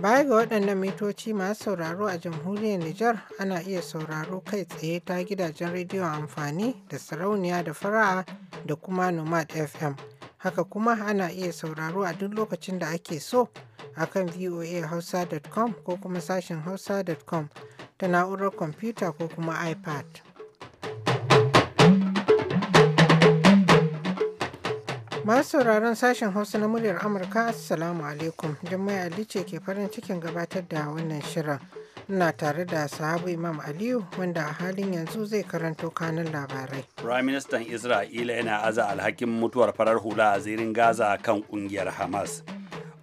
Baya ga waɗannan mitoci masu sauraro a jamhuriyar Nijar ana iya sauraro kai tsaye ta gidajen rediyon amfani da sarauniya da fara'a da kuma Nomad FM. Haka kuma ana iya sauraro a duk lokacin da ake so a kan voahausa.com ko kuma sashen hausa.com ta na'urar kwamfuta ko kuma iPad. Masu sauraron sashen Hausa na muryar Amurka, Assalamu alaikum. Jummai Ali ce ke farin cikin gabatar da wannan shirin. Ina tare da sahabu Imam Aliyu wanda a halin yanzu zai karanto kanun labarai. Prime Minister Isra'ila yana aza alhakin mutuwar farar hula a zirin Gaza kan kungiyar Hamas.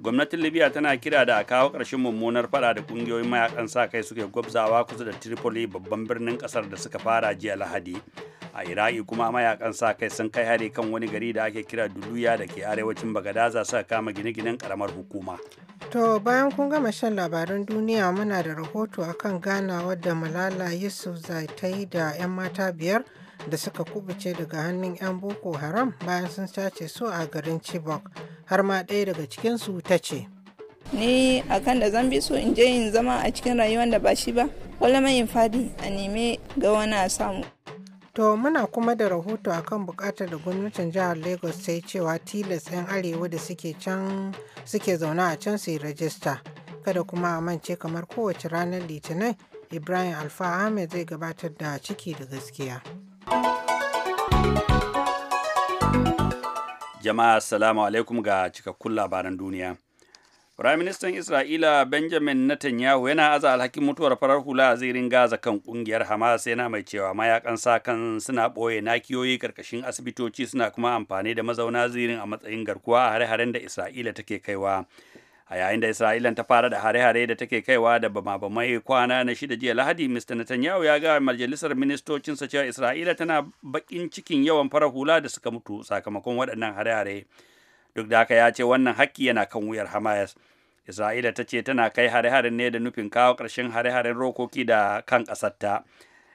Gwamnatin Libya tana kira da a kawo ƙarshen mummunar fada da kungiyoyin mayakan sa kai suke gwabzawa kusa da Tripoli babban birnin ƙasar da suka fara jiya Lahadi. a iraki kuma mayakan sa kai sun kai hari kan wani gari da ake kira duluya da ke arewacin bagadaza suka kama gine-ginen karamar hukuma to bayan kun gama shan labaran duniya muna da rahoto akan gana wadda malala yusuf zai ta yi da 'yan mata biyar da suka kubuce daga hannun 'yan boko haram bayan sun sace su a garin chibok har ma ɗaya daga cikinsu ta ce ni akan da zambi so in je yin zama a cikin rayuwar da ba shi ba kwallon in fadi a neme ga wani a samu To muna kuma da rahoto akan bukatar da gwamnatin jihar Lagos ta yi cewa tilas 'yan arewa da suke can suke zaune a can su yi rajista. Kada kuma a mance kamar kowace ranar Litinin Ibrahim Alfa Ahmed zai gabatar da ciki da gaskiya. Jama'a salamu alaikum ga cikakkun labaran duniya. Firaministan Isra'ila Benjamin Netanyahu yana aza alhakin mutuwar farar hula a zirin Gaza kan kungiyar Hamas yana mai cewa mayakan sakan kan suna ɓoye nakiyoyi karkashin asibitoci suna kuma amfani da mazauna zirin a matsayin garkuwa a hare-haren da Isra'ila take kaiwa. A yayin da Isra'ilan ta fara da hare-hare da take kaiwa da bama-bamai kwana na shida jiya Lahadi, Mr. Netanyahu ya ga majalisar ministocinsa cewa Isra'ila tana bakin cikin yawan farar hula da suka mutu sakamakon waɗannan hare-hare. duk da haka ya ce wannan hakki yana kan wuyar hamayas isra'ila ta ce tana kai hare-haren ne da nufin kawo ƙarshen hare-haren rokoki da kan ƙasarta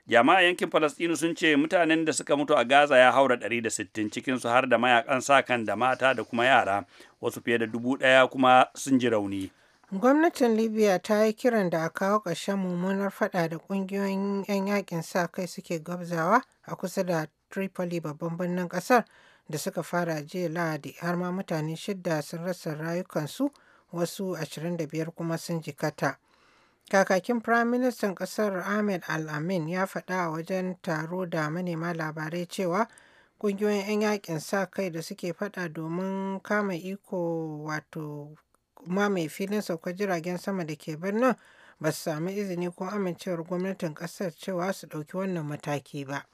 jama'a yankin falastinu sun ce mutanen da suka mutu a gaza ya haura 160 cikinsu har da mayakan sa kan da mata da kuma yara wasu fiye da dubu ɗaya kuma sun ji rauni gwamnatin libya ta yi kiran da a kawo ƙarshen mummunar faɗa da ƙungiyoyin 'yan yakin sa kai suke gabzawa a kusa da tripoli babban birnin ƙasar da suka fara jiya lahadi har ma mutane shidda sun rasa rayukansu wasu 25 kuma sun jikata. Kakakin Firaministan ƙasar Ahmed Al-Amin ya faɗa a wajen taro da manema labarai cewa ƙungiyoyin 'yan yakin sa kai da suke faɗa domin kama iko wato mai filin sauka jiragen sama da ke birnin ba su sami izini ko amincewar gwamnatin ƙasar cewa su ɗauki wannan mataki ba.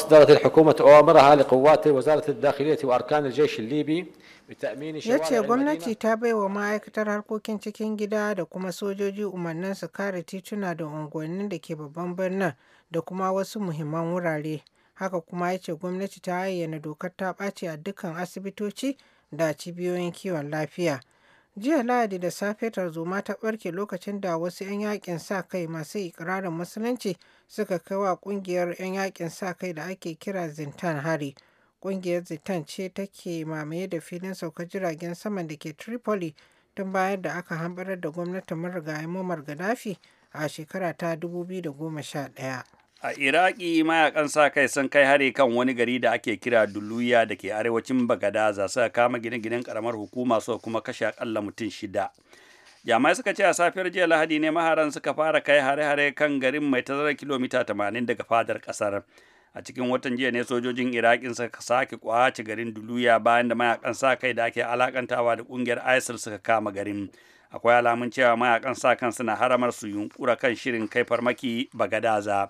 أصدرت الحكومة أوامرها لقوات وزارة الداخلية وأركان الجيش الليبي yace gwamnati ta bai wa ma'aikatar harkokin cikin gida da kuma sojoji umarnin su kare tituna da unguwannin da ke babban birnin da kuma wasu muhimman wurare haka kuma yace gwamnati ta ayyana dokar ta ɓaci a dukkan asibitoci da cibiyoyin kiwon lafiya jiya lahadi da safe tarzoma ta barke lokacin da wasu 'yan yakin sa kai masu ikirarin musulunci suka kai wa kungiyar 'yan yakin sa kai da ake kira zintan hari kungiyar zintan ce take mamaye da filin sauka jiragen saman da ke tripoli tun bayan da aka hambarar da gwamnatin marigayen muammar gaddafi a shekara ta 2011 a iraki mayakan sa kai sun kai hari kan wani gari da ake kira duluya da ke arewacin bagadaza suka kama gine-ginen karamar hukuma suka kuma kashe akalla mutum shida jami'ai suka ce a safiyar jiya lahadi ne maharan suka fara kai hare-hare kan garin mai tazarar kilomita 80 daga fadar kasar a cikin watan jiya ne sojojin irakin suka sake kwace garin duluya bayan da mayakan sa kai da ake alakantawa da kungiyar isil suka kama garin akwai alamun cewa mayakan sa kan suna haramar su yunkura kan shirin kai farmaki bagadaza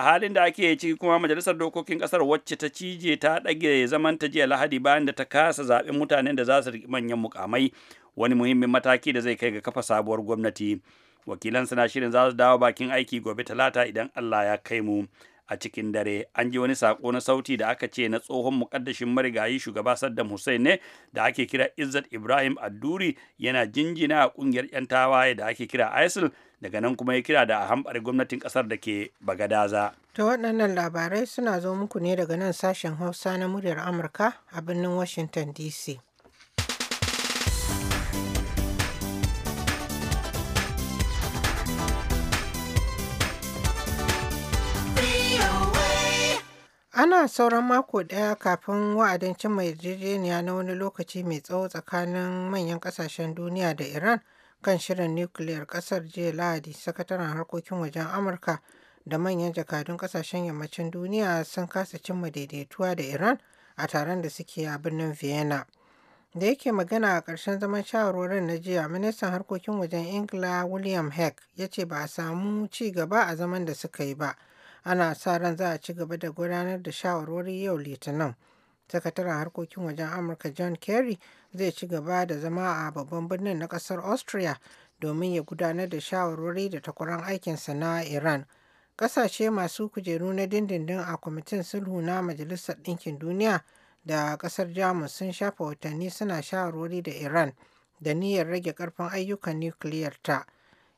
a halin da ake ciki kuma majalisar dokokin kasar wacce ta cije ta ɗage zaman ta jiya lahadi bayan da ta kasa zaɓen mutanen da za su riƙi manyan mukamai wani muhimmin mataki da zai kai ga kafa sabuwar gwamnati wakilan na shirin za su dawo bakin aiki gobe talata idan allah ya kai mu a cikin dare an ji wani sako na sauti da aka ce na tsohon mukaddashin marigayi shugaba saddam hussein ne da ake kira izzat ibrahim adduri yana jinjina a kungiyar 'yan tawaye da ake kira isil daga nan kuma ya kira da a hambar gwamnatin kasar da ke bagadaza to waɗannan labarai suna zo muku ne daga nan sashen hausa na muryar amurka a birnin washington dc Ana sauran mako ɗaya kafin wa'adin cimma yarjejeniya na wani lokaci mai tsawo tsakanin manyan ƙasashen duniya da Iran kan shirin nukiliyar ƙasar jiya Lahadi, Sakataren Harkokin Wajen Amurka da manyan jakadun ƙasashen yammacin duniya sun kasa cimma daidaituwa da Iran a taron da suke a birnin Vienna. Da yake magana a ƙarshen zaman shawarwarin na jiya, ministan harkokin wajen Ingila William Hague ya ce ba a samu ci gaba a zaman da suka yi ba. ana sa ran za a ci gaba da gudanar da shawarwari yau litinin sakataren harkokin wajen amurka john kerry zai ci gaba da zama a babban birnin na kasar austria domin ya gudanar da shawarwari da takwaran aikinsa na iran kasashe masu kujeru na dindindin a kwamitin sulhu na majalisar ɗinkin duniya da kasar jamus sun shafa watanni suna shawarwari da iran da niyyar rage ƙarfin ayyukan nukiliyar ta.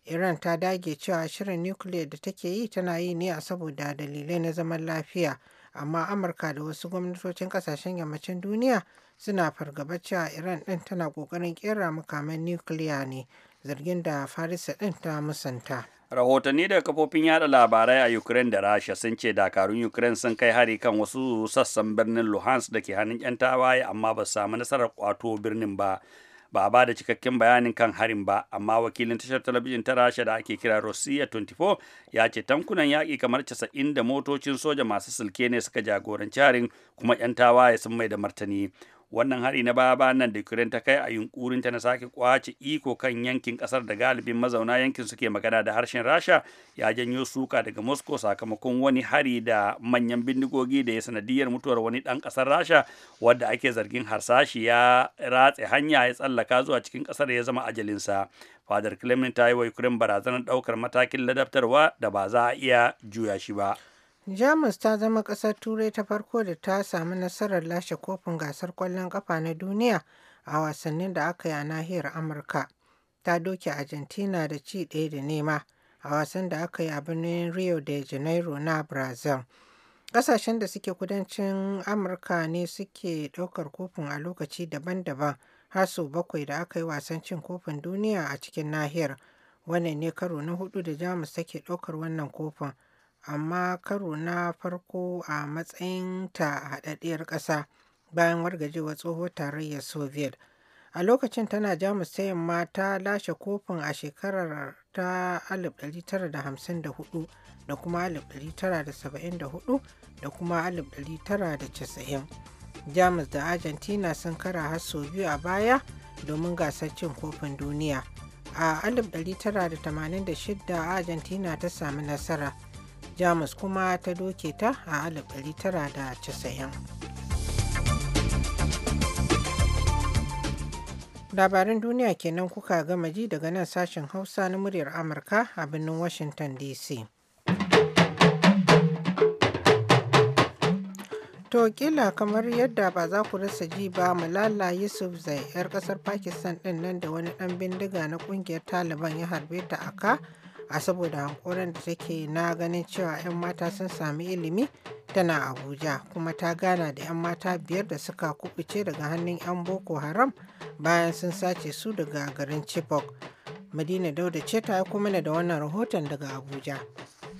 Iran ta dage cewa shirin nukiliyar da take yi tana yi ne a saboda dalilai na zaman lafiya, amma Amurka da wasu gwamnatocin kasashen yammacin duniya suna fargaba cewa Iran ɗin tana ƙoƙarin kera mukamin nukiliya ne, zargin da Farisa ɗin ta musanta. rahotanni daga kafofin yada labarai a ukraine da rasha sun ce dakarun ukraine sun kai hari kan wasu sassan birnin luhansk da ke hannun 'yan tawaye amma ba su samu nasarar kwato birnin ba ba ba da cikakken bayanin kan harin ba amma wakilin tashar talabijin ta rasha da ake kira rossiya 24 ya ce tankunan yaƙi kamar 90 da motocin soja masu silke ne suka jagoranci harin kuma 'yan tawaye sun mai da martani wannan hari na baya bayan nan da ukraine ta kai a ta na sake kwace iko kan yankin kasar da galibin mazauna yankin suke magana da harshen rasha ya janyo suka daga moscow sakamakon wani hari da manyan bindigogi da ya sanadiyar mutuwar wani dan kasar rasha wadda ake zargin harsashi ya ratse hanya ya tsallaka zuwa cikin kasar ya zama ajalinsa fadar kremlin ta yi wa ukraine barazanar daukar matakin ladabtarwa da ba za a iya juya shi ba Jamus ta zama ƙasar Turai ta farko da ta samu nasarar lashe kofin gasar kwallon ƙafa na duniya a wasannin da aka yi a nahiyar Amurka. Ta doke Argentina da ci ɗaya da nema a wasan da aka yi a birnin Rio de Janeiro na Brazil. Ƙasashen da suke kudancin Amurka ne suke ɗaukar kofin a lokaci daban-daban har sau bakwai da aka yi wasan cin kofin duniya a cikin nahiyar. Wannan ne karo na hudu da Jamus take ɗaukar wannan kofin. amma karo na farko a matsayin ta haɗaɗɗiyar ƙasa bayan wargajewa tsohon tarayyar soviet a lokacin tana jamus ta yamma ta lashe kofin a shekarar ta 1954 da kuma 1974 da kuma 1990 jamus da argentina sun kara har sau biyu a baya domin gasar cin kofin duniya a 1986 argentina ta sami nasara jamus kuma ta doke ta a 1990 labaran duniya kenan kuka gama ji daga nan sashen hausa na muryar amurka a birnin washington dc To kila kamar yadda ba za ku rasa ji ba Malala Yusuf Zai 'yar kasar Pakistan din nan da wani dan bindiga na kungiyar Taliban ya harbe ta aka a saboda hankoran da take na ganin cewa 'yan mata sun sami ilimi tana abuja kuma ta gana da 'yan mata biyar da suka kubuce daga hannun 'yan boko haram bayan sun sace su daga garin chibok madina dauda ce ta yi kuma da wannan rahoton daga abuja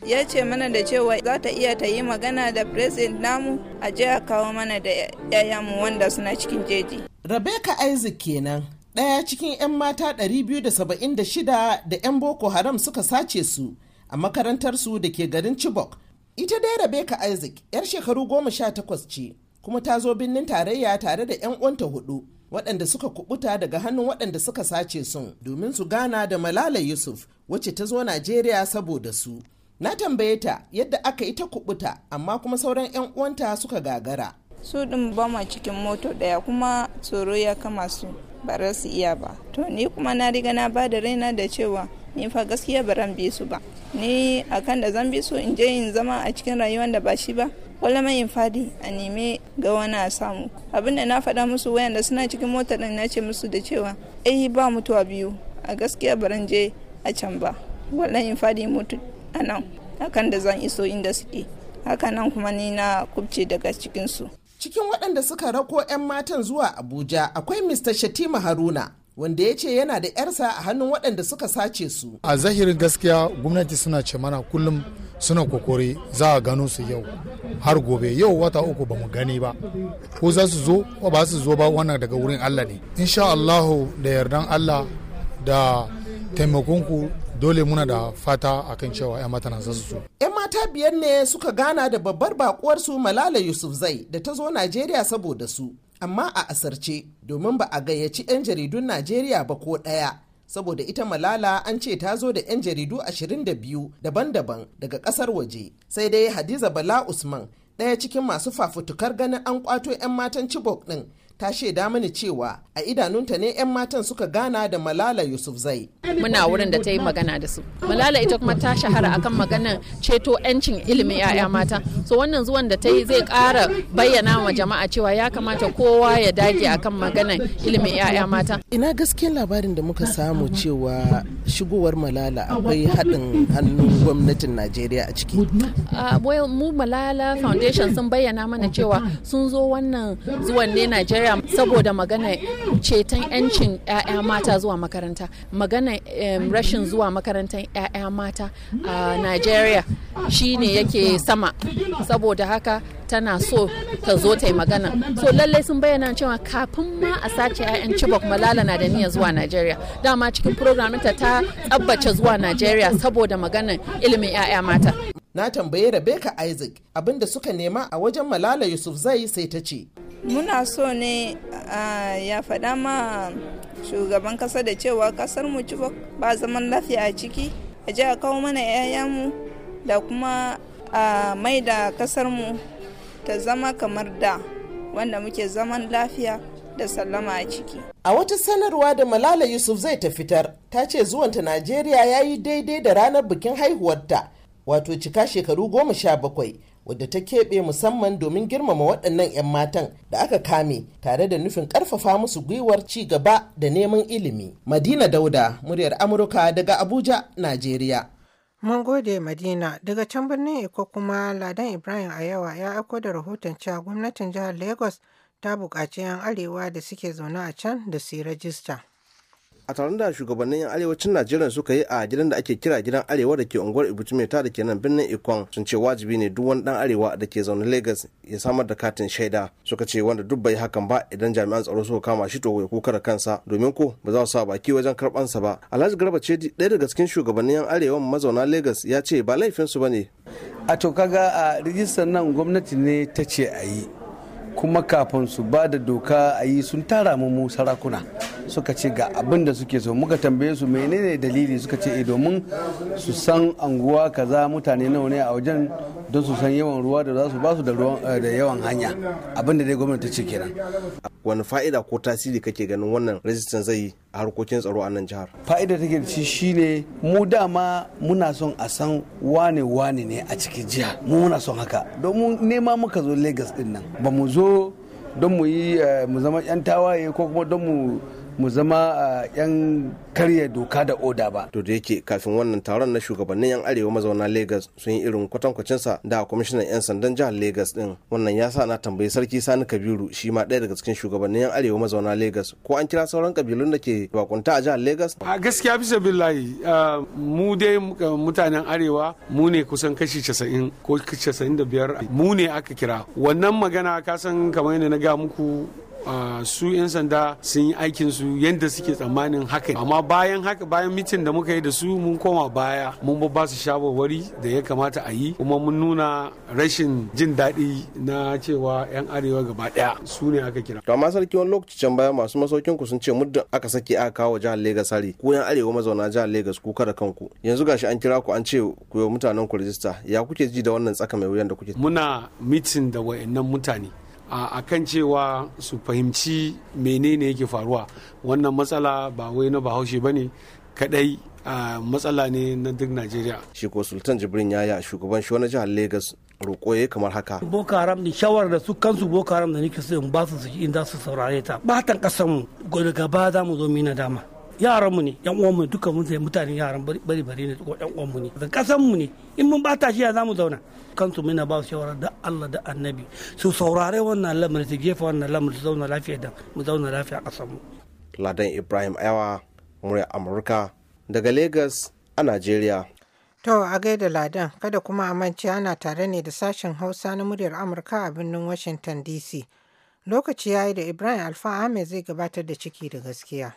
ya ce mana da cewa za ta iya ta yi magana da president namu a jiya kawo mana da 'ya'yanmu wanda suna cikin jeji rebecca isaac kenan daya cikin 'yan mata 276 da 'yan boko haram suka sace su a makarantarsu da ke garin chibok ita dai rebecca isaac 'yar shekaru 18 ce kuma ta zo birnin tarayya tare da 'yan uwanta hudu waɗanda suka kubuta daga hannun waɗanda suka sace sun domin su gana da malala yusuf wacce ta zo najeriya saboda su na tambaye ta yadda aka ita kubuta amma kuma sauran 'yan uwanta suka gagara su ɗin ba cikin moto ɗaya kuma tsoro ya kama su ba za su iya ba to ni kuma na riga na ba da raina da cewa ni fa gaskiya ba ran bi su ba ni akan da zan bi su in je in zama a cikin rayuwar da ba shi ba wala mai in fadi a nemi ga wani a samu abinda na faɗa musu wayanda suna cikin motar din na ce musu da cewa eh ba mutuwa biyu a gaskiya ba ran je a can ba wala in fadi mutu a nan akan da zan iso inda suke haka nan kuma ni na kubce daga cikinsu cikin waɗanda suka rako 'yan matan zuwa abuja akwai mr shatima haruna wanda ya ce yana da 'yarsa a hannun waɗanda suka sace su a zahirin gaskiya gwamnati suna ce mana kullum suna kokori za a gano su yau har gobe yau wata uku ba mu gani ba ko za su zo ko ba su zo ba wannan daga wurin allah ne insha allahu da yardan allah da taimakonku dole muna da fata akan cewa 'yan matan za su zo mata biyar ne suka gana da babbar bakuwarsu Malala yusuf zai da ta zo Najeriya saboda su, amma a asarce domin ba a gayyaci 'yan jaridun Najeriya ba ko ɗaya. Saboda ita Malala an ce ta zo da 'yan jaridu 22 daban-daban daga ƙasar waje, sai dai Hadiza Bala Usman ɗaya cikin masu fafutukar ganin an kwato 'yan matan Chibok ɗin ta shaida mani cewa a idanunta ne 'yan matan suka gana da Malala yusuf zai. Muna wurin da ta yi magana da su. Malala ita kuma ta shahara akan maganar ceto 'yancin ilimin 'ya'ya mata. So wannan zuwan da ta yi zai ƙara bayyana wa jama'a cewa ya kamata kowa ya dage akan maganar ilimin 'ya'ya mata. Ina gaskiyar labarin da muka samu cewa shigowar Malala akwai haɗin hannun gwamnatin Najeriya a ciki. mu Malala Foundation sun bayyana mana cewa sun zo wannan zuwan ne Najeriya tsaya saboda magana ceton 'yancin 'ya'ya mata zuwa makaranta magana rashin zuwa makarantar 'ya'ya mata a nigeria shine yake sama saboda haka tana so ta zo ta yi magana so lallai sun bayyana cewa kafin ma a sace 'ya'yan chibok malala na da niyyar zuwa nigeria dama cikin programinta ta tabbace zuwa najeriya saboda maganar ilimin 'ya'ya mata na tambayi rabeka Isaac abinda suka nema a wajen Malala Yusuf Zai sai ta ce. Muna so ne uh, ya faɗa ma shugaban ƙasa da cewa ƙasar mu ci ba zaman lafiya a ciki, a ji a kawo mana 'ya'yanmu da kuma a uh, mai da ƙasar mu ta zama kamar da wanda muke zaman lafiya da sallama a ciki. A wata sanarwa da Malala Yusuf zai ta fitar, ta ce zuwanta Najeriya ya yi daidai da ranar bikin haihuwarta wato cika shekaru goma sha bakwai wadda ta keɓe musamman domin girmama waɗannan 'yan matan da aka kame tare da nufin ƙarfafa musu gwiwar ci gaba da neman ilimi. Madina Dauda, muryar Amurka daga Abuja, Najeriya. Mun gode Madina daga can birnin Eko kuma Ladan Ibrahim Ayawa ya aiko da rahoton cewa gwamnatin jihar Lagos ta buƙaci 'yan arewa da suke zaune a can da su yi rajista. a taron da shugabannin yan arewacin najeriya suka yi a gidan da ake kira gidan arewa da ke unguwar ibutumeta da ke nan birnin ikon sun ce wajibi ne duk wani dan arewa da ke zaune lagos ya samar da katin shaida suka ce wanda duk bai hakan ba idan jami'an tsaro suka kama shi to ya kuka da kansa domin ko ba za su sa baki wajen sa ba alhaji garba ce ɗaya daga cikin shugabannin yan arewa mazauna lagos ya ce ba laifinsu ba ne a to kaga a rijistar nan gwamnati ne ta ce a yi kuma kafin su ba da doka a yi sun tara mu sarakuna suka ce ga abin da suke so muka tambaye su menene dalili suka ce eh, domin su san anguwa kaza mutane nawa ne a wajen don su san yawan ruwa da za su ba su da eh, yawan hanya abin da dai gwamnati ce kenan wani fa'ida ko tasiri kake ganin wannan rajistan zai yi a harkokin tsaro a nan jihar fa'ida take da shi shine mu dama muna son a san wane wane ne a cikin jiya mu muna son haka domin nema muka zo lagos din nan ba mu zo don mu yi eh, mu zama 'yan tawaye ko kuma don mu mu zama a ah, yan karya doka da oda ba. To da yake kafin wannan taron na shugabannin yan arewa mazauna Lagos sun yi irin kwatankwacinsa da kwamishinan yan sandan jihar Lagos din. Wannan ya sa na tambayi sarki Sani Kabiru shi ma ɗaya daga cikin shugabannin yan arewa mazauna Lagos ko an kira sauran kabilun da ke bakunta a jihar Lagos. A gaskiya bisa billahi ah, mu dai ah, mutanen arewa mu ne kusan kashi casa'in ko casa'in da biyar mu ne aka kira. Wannan magana kasan san kamar yadda na ga muku su 'yan sanda sun yi aikin su yadda suke tsammanin haka amma bayan haka bayan mitin da muka yi da su mun koma baya mun ba su shawarwari da ya kamata a yi kuma mun nuna rashin jin daɗi na cewa 'yan arewa gaba ɗaya su ne aka kira. to amma sarki wani lokacin baya masu masaukin ku sun ce muddin aka sake aka kawo jihar legas hari ko 'yan arewa mazauna jihar legas ku kada kanku yanzu gashi an kira ku an ce ku yi mutanen ku rijista ya kuke ji da wannan tsaka mai wuyan da kuke. muna mitin da wayannan mutane a kan cewa su fahimci menene yake faruwa wannan matsala ba wai na bahaushe ba ne kadai a matsala ne na duk najeriya shi ko sultan jibrin a shugaban shi wani jihar lagos roƙo ya kamar haka boko haram ne shawar da su kansu boko haram da nake so in ba su in za su saurare ta batan kasanmu daga ba za mu zo mina dama yaranmu ne yan uwanmu duka mun sai mutanen yaran bari bari ne ko yan uwanmu ne da mu ne in mun bata shi ya zamu zauna kansu muna ba su shawara da Allah da Annabi su saurare wannan lamarin su gefa wannan lamarin su zauna lafiya da mu zauna lafiya a kasanmu Ladan Ibrahim Ayawa murya Amurka daga Lagos a Najeriya To a gaida Ladan kada kuma a mance ana tare ne da sashen Hausa na muryar Amurka a birnin Washington DC. Lokaci yayi da Ibrahim Alfa Ahmed zai gabatar da ciki da gaskiya.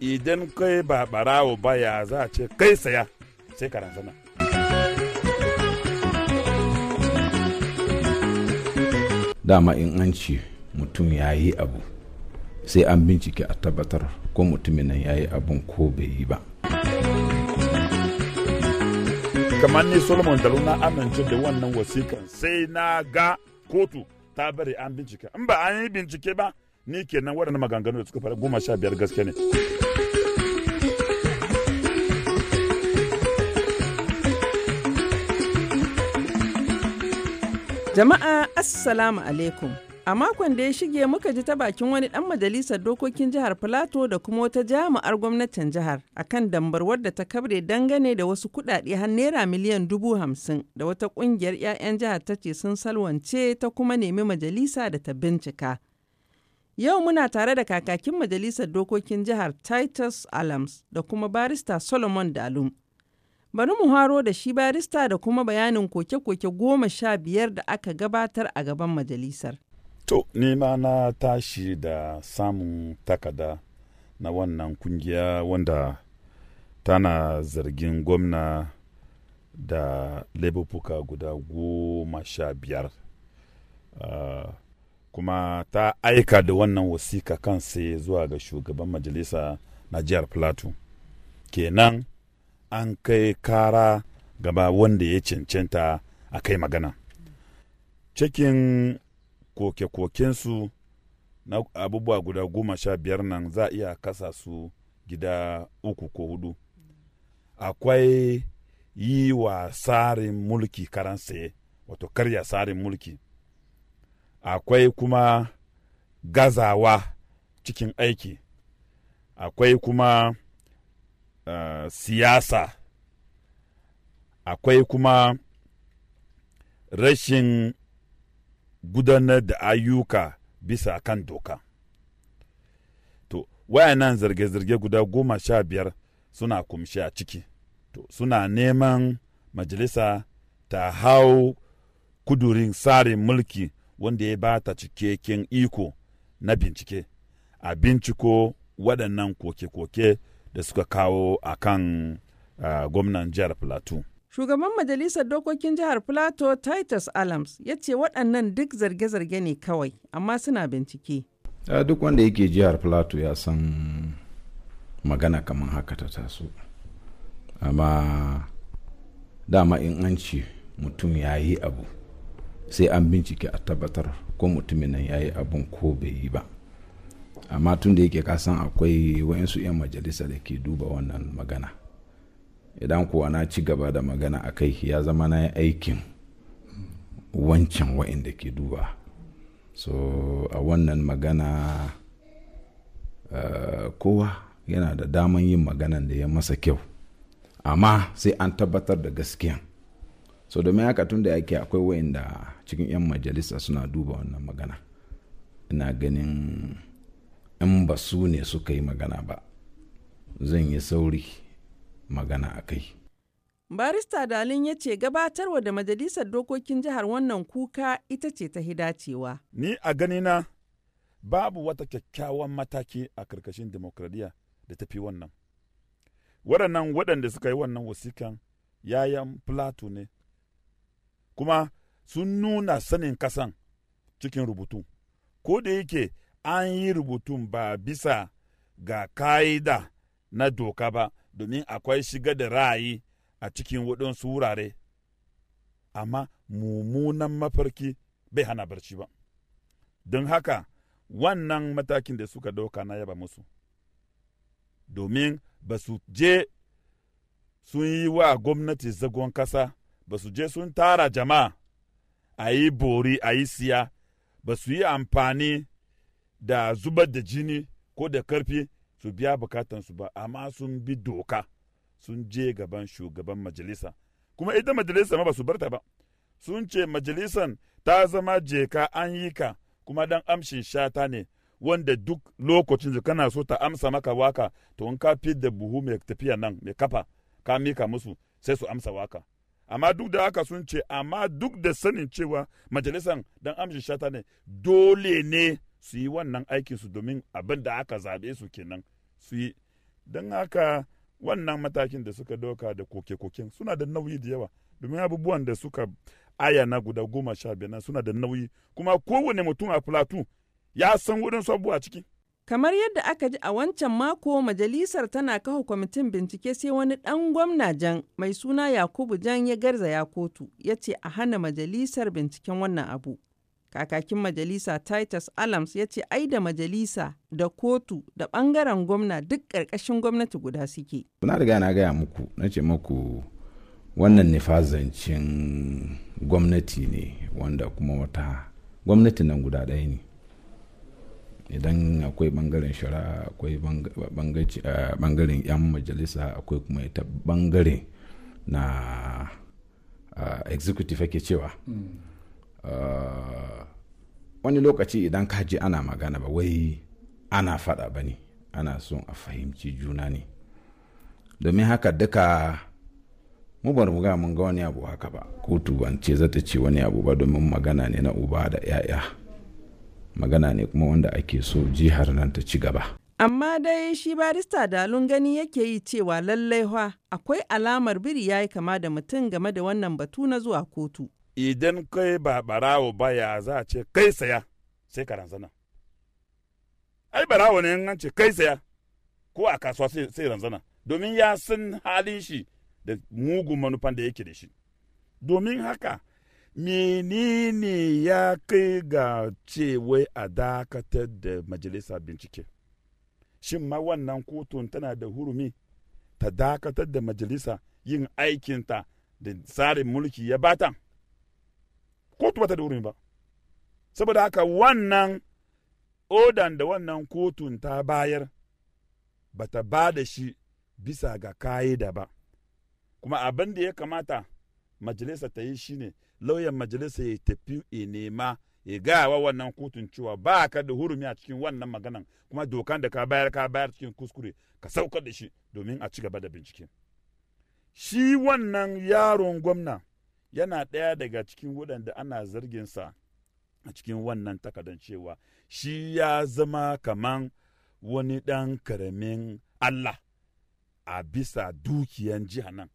Idan kai ba barawo baya za a ce kai saya sai karanzana. Dama in an ce mutum ya yi abu sai an bincike a tabbatar ko mutumin nan ya yi abun ko bai yi ba. kamar ni solomon da na amince da wannan wasikan sai na ga kotu ta bari an bincike in ba an yi bincike ba ni kenan waɗannan maganganu da suka fara goma sha biyar gaske ne jama'a assalamu alaikum A makon da ya shige muka ji ta bakin wani dan majalisar dokokin jihar Filato da kuma wata jami'ar gwamnatin jihar a kan dambarwar da ta kabre dangane da wasu kudade har naira miliyan dubu hamsin da wata kungiyar 'ya'yan jihar ta ce sun salwance ta kuma nemi majalisa da ta bincika. Yau muna tare da kakakin majalisar dokokin jihar Titus Alams da kuma barista Solomon Dalum. Bari mu haro da shi barista da kuma bayanin koke-koke goma sha biyar da aka gabatar a gaban majalisar. to nima na tashi da samun takada na wannan kungiya wanda tana zargin gwamna da laifuka guda goma sha biyar ah, kuma ta aika da wannan wasika sai zuwa ga shugaban majalisa na jihar plateau kenan an kai kara gaba wanda ya cancanta a kai magana cikin koke-kokensu na abubuwa guda goma sha biyar nan za a iya kasa su gida uku ko hudu akwai yi wa tsarin mulki karansa wato karya tsarin mulki akwai kuma gazawa cikin aiki akwai kuma uh, siyasa akwai kuma rashin gudanar da ayyuka bisa kan doka to wayannan zarge-zarge guda goma sha biyar suna kumshi a ciki to suna neman majalisa ta hau kudurin tsarin mulki wanda ya ba ta cikakken iko na bincike a binciko waɗannan koke-koke da suka kawo a kan uh, gwamnan jihar plateau Shugaban Majalisar Dokokin Jihar Filato Titus Alams ya ce waɗannan duk zarge-zarge ne kawai, amma suna bincike. Duk wanda yake jihar Filato ya san magana kamar haka ta taso. Amma dama in an ce mutum ya yi abu, sai an bincike a tabbatar ko mutumin nan ya yi abun ko bai yi ba. Amma tun da yake kasan akwai wa'insu 'yan majalisa da ke duba wannan magana. idan kuwa na ci gaba da magana a kai ya zama na yi aikin wancan wa'inda ke duba so a wannan magana uh, kowa yana da daman yin magana da ya masa kyau amma sai an tabbatar da gaskiya so domin haka tun da yake akwai wa'inda cikin 'yan majalisa suna duba wannan magana ina ganin in ba su ne suka yi magana ba zan yi sauri magana a kai. Barista Dalin ya ce gabatarwa da Majalisar Dokokin Jihar wannan kuka ita ce ta hidacewa. Ni a ganina babu wata kyakkyawan mataki a karkashin demokradiyya da tafi wannan. Waɗannan waɗanda suka yi wannan wasikan yayan Plato ne, kuma sun nuna sanin kasan cikin rubutu. Ko da yake an yi rubutun ba bisa ga ka'ida na doka ba domin akwai shiga da ra'ayi a cikin waɗansu wurare amma mummunan mafarki bai hana barci ba don haka wannan matakin da suka ɗauka na yaba musu domin ba su je sun yi wa gwamnati zagon kasa ba su je sun tara jama'a a yi bori a yi siya ba su yi amfani da zubar da jini ko da karfi su biya bukatansu ba amma sun bi doka sun je gaban shugaban majalisa kuma ita majalisa ma ba su barta ba sun ce majalisan ta zama jeka an yi ka kuma dan amshin shata ne wanda duk lokacin da kana so ta amsa maka waka to in ka fi da buhu mai tafiya nan mai kafa ka mika musu sai su amsa waka amma duk da haka sun ce amma duk da sanin cewa majalisan dan amshin shata ne dole ne su yi wannan aikin su domin abin da aka zaɓe su kenan su yi don haka wannan matakin da suka doka da koke-koken suna da nauyi da yawa domin abubuwan da suka ayana guda goma sha biyar suna da nauyi kuma kowane mutum a filatu ya san wurin sabu a ciki. Kamar yadda aka ji a wancan mako majalisar tana kafa kwamitin bincike sai wani dan gwamna Jan mai suna Yakubu Jan ya garzaya kotu ya ce a hana majalisar binciken wannan abu. Kakakin majalisa Titus Alams ya ce ai da majalisa da kotu da bangaren gwamna duk ƙarƙashin gwamnati guda suke. Na riga na gaya muku, na ce muku wannan nifazancin gwamnati ne wanda kuma wata gwamnati nan guda ɗaya ne. idan akwai bangaren shari'a akwai bangaren yan majalisa akwai kuma ita bangare na executive ake cewa hmm. wani lokaci idan ka ji ana magana ba wai ana faɗa ba ne ana son a fahimci juna ne domin haka duka mu bar mu ga mun ga wani abu haka ba kotu ban ce za ta ce wani abu ba domin magana ne na uba da 'ya'ya magana ne kuma wanda ake so jihar nan ta ci gaba amma dai shi barista dalun gani yake yi cewa lallai akwai alamar biri ya yi kama da mutum game da wannan batu na zuwa kotu idan kai ba barawo ba ya za a ce kai saya sai ka ranzana ai barawo ne an ce kai saya ko a kasuwa sai ranzana domin ya san halin shi da mugun manufan da yake da shi domin haka menene ya kai ga cewa a dakatar da majalisa bincike shin ma wannan kotun tana da hurumi ta dakatar da majalisa yin aikinta da tsarin mulki ya bata kotu bata da wurin ba saboda haka wannan odan da wannan kotun ta bayar bata ba da shi bisa ga ka'ida ba kuma abin da ya kamata majalisa ta yi shine lauyan majalisa ya tafi ya nema ya gawa wannan kotun cewa ba ka da hurumi a cikin wannan maganan kuma dokan da ka bayar ka bayar cikin kuskure ka saukar da shi domin a ci gaba da bincike shi wannan yaron gwamna yana ɗaya daga cikin waɗanda ana zarginsa sa a cikin wannan takardar cewa shi ya zama kaman wani ɗan karamin Allah a bisa dukiyan jiha nan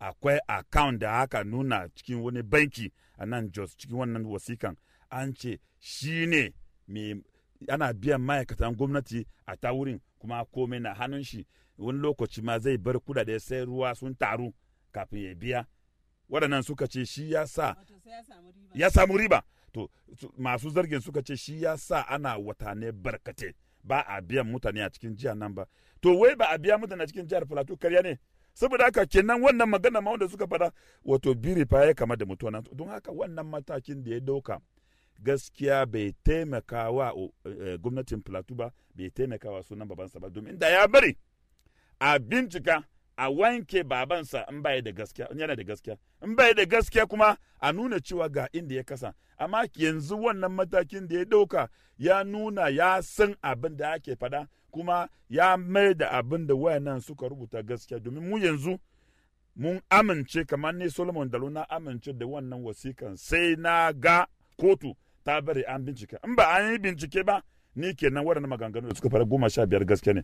akwai account da aka nuna cikin wani banki a nan jos cikin wannan wasikan an ce shi ne ana biyan ma'aikatan gwamnati a ta wurin kuma komai na hannun shi wani lokaci ma zai bar kudade sai ruwa sun taru kafin ya biya waɗannan suka ce shi ya sa ya samu riba to masu zargin suka ce shi ya sa ana watane barkate ba a biyan mutane a cikin jihar nan ba to wai ba a biya mutane a cikin jihar plateau karya ne saboda haka kenan wannan magana ma wanda suka faɗa wato biri fa ya kama da mutuwa don haka wannan matakin da ya dauka gaskiya bai taimaka wa eh, gwamnatin plateau ba bai taimaka wa sunan babansa ba domin da ya bari a bincika a wanke babansa in bai da gaskiya in yana da gaskiya in bai da gaskiya kuma a nuna cewa ga inda ya kasa amma yanzu wannan matakin da ya dauka ya nuna ya san abin da ake fada kuma ya mai da abin da wayannan suka rubuta gaskiya domin mu yanzu mun amince kamar ne solomon da na amince da wannan wasikan sai na ga kotu ta bari an bincike in ba an yi bincike ba ni kenan waɗannan maganganu da suka fara goma sha biyar gaskiya ne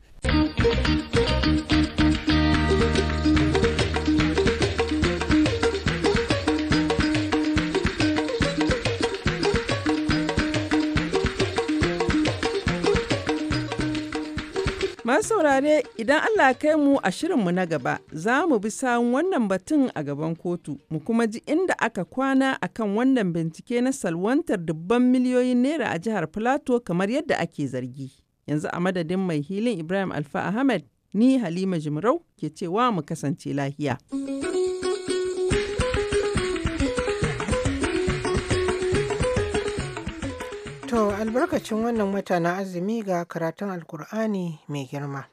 saurare idan Allah kai mu a shirinmu na gaba za mu bi sawun wannan batun a gaban kotu mu kuma ji inda aka kwana a kan wannan bincike na salwantar dubban miliyoyin naira a jihar Plateau kamar yadda ake zargi. Yanzu a madadin mai hilin Ibrahim Alfa Ahmed Ni Halima Jimarau ke cewa mu kasance lahiya. To albarkacin wannan wata na azumi ga karatun Alkur'ani mai girma.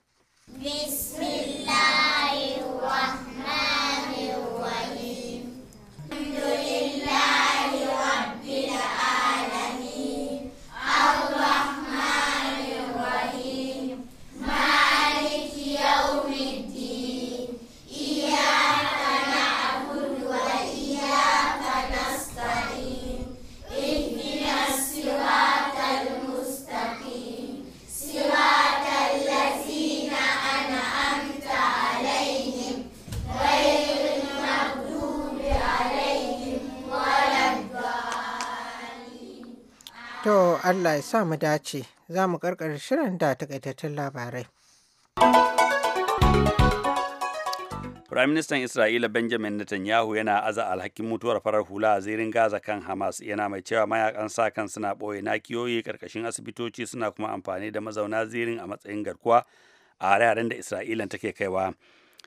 Bismillah. ya sa mu dace za mu karkara shirin da takaitattun labarai. Firaministan Isra'ila Benjamin Netanyahu yana aza alhakin mutuwar farar hula a zirin Gaza kan Hamas yana mai cewa mayakan sa kan suna ɓoye kiyoyi ƙarƙashin asibitoci suna kuma amfani da mazauna zirin a matsayin garkuwa a hare da Isra'ilan take kaiwa.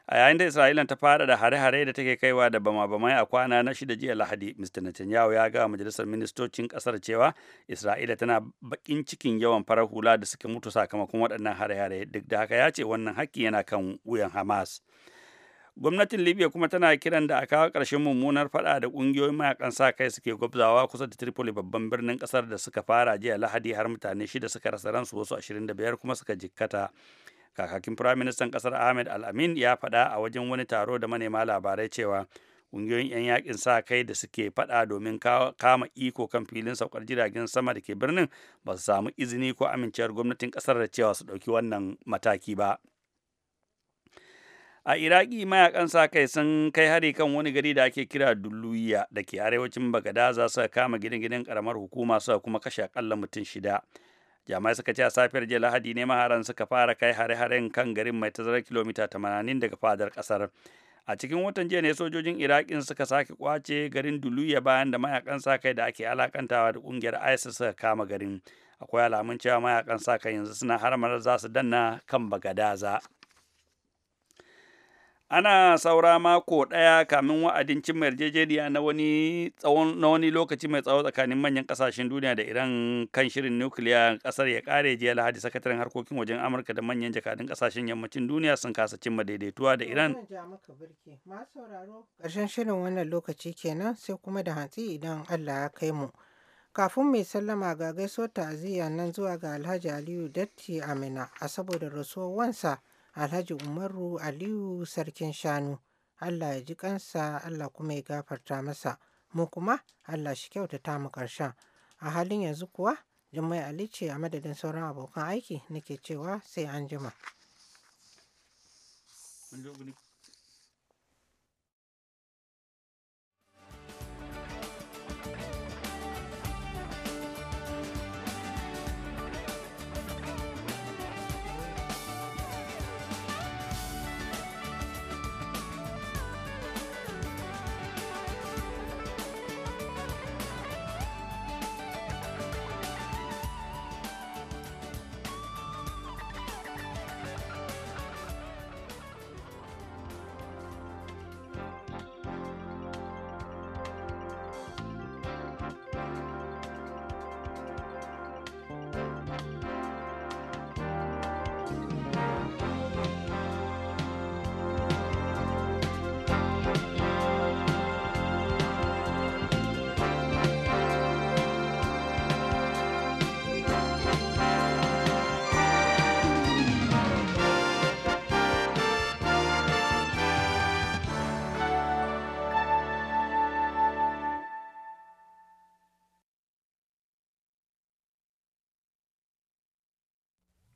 a yayin da isra'ila ta fada da hare-hare da take kaiwa da bama-bamai a kwana na shida jiya lahadi mr netanyahu ya ga majalisar ministocin kasar cewa isra'ila tana bakin cikin yawan farar hula da suke mutu sakamakon waɗannan hare-hare duk da haka ya ce wannan haƙƙi yana kan wuyan hamas gwamnatin libya kuma tana kiran da a kawo ƙarshen mummunar fada da ƙungiyoyin mayakan sa kai suke gwabzawa kusa da tripoli babban birnin kasar da suka fara jiya lahadi har mutane shida suka rasa ransu wasu 25 kuma suka jikkata kakakin firaministan kasar ahmed al-amin ya faɗa a wajen wani taro da manema labarai cewa ƙungiyoyin 'yan yakin sa kai da suke faɗa domin kama iko kan filin saukar jiragen sama da ke birnin ba su samu izini ko amincewar gwamnatin kasar da cewa su ɗauki wannan mataki ba. a iraki mayakan sa kai sun kai hari kan wani gari da ake kira duluya da ke arewacin bagada za su kama gine gidan karamar hukuma su kuma kashe akalla mutum shida jami'ai suka ce a safiyar jiya lahadi ne maharan suka fara kai hare-haren kan garin mai tazarar kilomita 80 daga fadar kasar a cikin watan jiya ne sojojin irakin suka sake kwace garin duluya bayan da mayakan sa kai da ake alakantawa da kungiyar isis suka kama garin akwai alamun cewa mayakan sa kai yanzu suna haramar za su danna kan bagadaza ana saura mako ɗaya kamin wa'adin cimma yarjejeniya na wani wani lokaci mai tsawo tsakanin manyan kasashen duniya da iran kan shirin nukiliya kasar ya kare jiya lahadi sakataren harkokin wajen amurka da manyan jakadun kasashen yammacin duniya sun kasa cimma daidaituwa da iran ƙarshen shirin wannan lokaci kenan sai kuma da hantsi idan allah ya kai mu kafin mai sallama ga gaisuwar ta'aziyya nan zuwa ga alhaji aliyu datti amina a saboda rasuwar wansa Alhaji Umaru Aliyu Sarkin Shanu. Allah ya ji kansa, Allah kuma ya gafarta masa. Mu kuma Allah shi kyautata mu ƙarshen. A halin yanzu kuwa, Jummai Ali ce a madadin sauran abokan aiki nake cewa sai an jima.